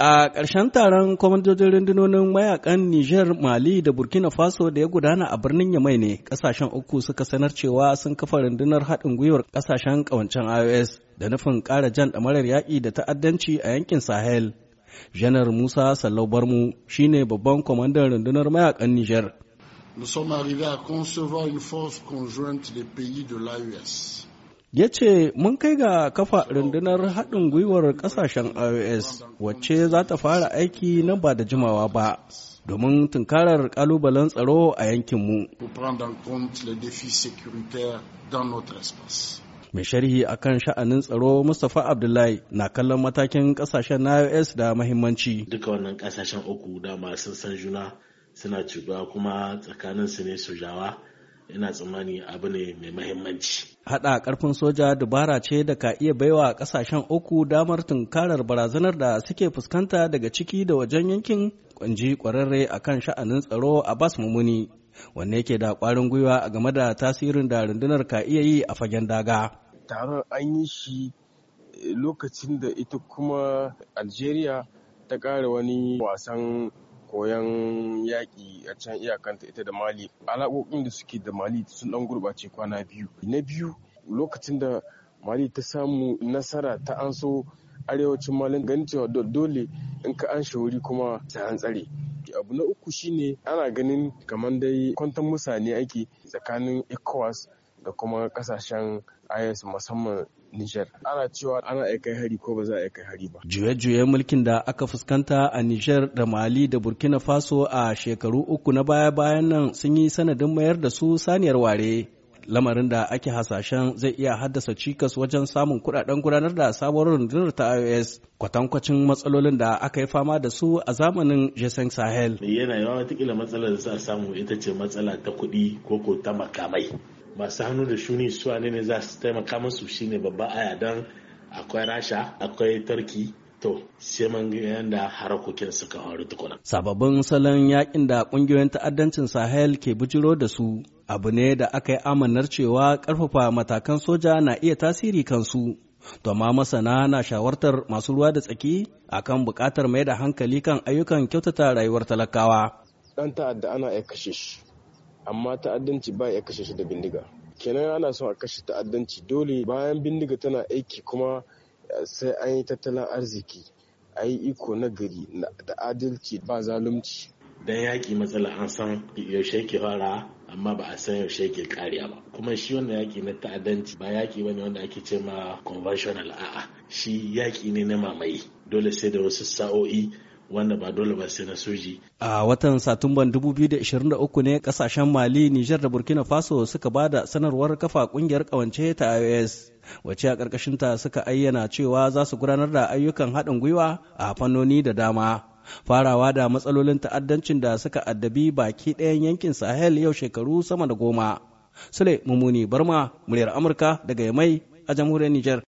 A ƙarshen taron kwamandojin rundunonin mayakan Nijar, Mali da Burkina Faso da ya gudana a birnin Yamai ne, ƙasashen uku suka sanar cewa sun kafa rundunar haɗin gwiwar ƙasashen ƙawancen IOS da nufin ƙara jan ɗamarar yaƙi da ta'addanci a yankin Sahel. Janar Musa Sallau Barmu shine babban kwamandan rundunar mayakan Nijar. Nous sommes arrivés à concevoir ya ce mun kai ga kafa rundunar haɗin gwiwar ƙasashen ios wacce za ta fara aiki na ba da jimawa ba domin tunkarar ƙalubalen tsaro a yankinmu mai sharhi akan sha'anin tsaro mustapha abdullahi na kallon matakin ƙasashen na ios da mahimmanci duka wannan ƙasashen uku dama sun san juna suna cuɗuwa kuma tsakaninsu ne sojawa ina tsammani abu ne mai mahimmanci. Hada karfin soja dubara ce da ka iya baiwa kasashen uku damar tunkarar barazanar da suke fuskanta daga ciki da wajen yankin kwanji kwararre akan sha'anin tsaro a bas mumuni wanne yake da kwarin gwiwa a game da tasirin da rundunar ka iya yi a fagen daga. Taron an yi shi lokacin da ita kuma Algeria ta ƙara wani wasan Koyon yaƙi a can iyakanta ita da mali alaƙoƙin da suke da mali sun ɗan gurɓace kwana biyu na biyu lokacin da mali ta samu nasara ta anso arewacin malin ganin cewa dole in ka an wuri kuma ta an tsare abu na uku shine ana ganin kamar dai kwantan musane ake tsakanin ecowas da kuma kasashen is musamman Nijar. Ana cewa ana iya kai hari ko ba za a kai hari ba. Juye-juye mulkin da aka fuskanta a Nijar da Mali da Burkina Faso a shekaru uku na baya-bayan nan sun yi sanadin mayar da su saniyar ware. Lamarin da ake hasashen zai iya haddasa cikas wajen samun kudaden gudanar da sabuwar rundunar ta IOS kwatankwacin matsalolin da aka yi fama da su a zamanin Jason Sahel. Yana yawa watakila matsalar da za a samu ita ce matsala ta kuɗi ko ko ta makamai. masu hannu da shuni su ne za su taimaka musu shine babba aya don akwai rasha akwai tarki, To, sai man yadda harakokin suka faru tukuna. Sababbin salon yakin da kungiyoyin ta'addancin Sahel ke bijiro da su abu ne da aka yi amanar cewa karfafa matakan soja na iya tasiri kansu. ma masana na shawartar masu ruwa da tsaki akan bukatar mai da hankali kan ayyukan kyautata rayuwar talakawa. Dan ta'adda ana iya shi, amma ta'addanci ba ya kashe shi da bindiga kenan ana son a kashe ta'addanci dole bayan bindiga tana aiki kuma eh, sai an yi tattalin arziki a yi iko na gari da adalci ba zalunci dan yaƙi matsala an san yaushe ke fara amma ba a san yaushe ke kariya ba kuma shi wannan yaƙi na ta'addanci ba yaƙi bane wanda ake ce ma conventional a'a shi yaƙi ne na mamaye dole sai da wasu sa'o'i wanda ba dole ba sai na soji. A watan Satumban 2023 ne kasashen Mali, Nijar da Burkina Faso suka ba da sanarwar kafa kungiyar kawance ta IOS. Wace a ƙarƙashinta suka ayyana cewa za su gudanar da ayyukan haɗin gwiwa a fannoni da dama. Farawa da matsalolin ta'addancin da suka addabi baki ɗayan yankin Sahel yau shekaru sama da goma. Sule Mumuni Barma, muryar Amurka daga Yamai a jamhuriyar Nijar.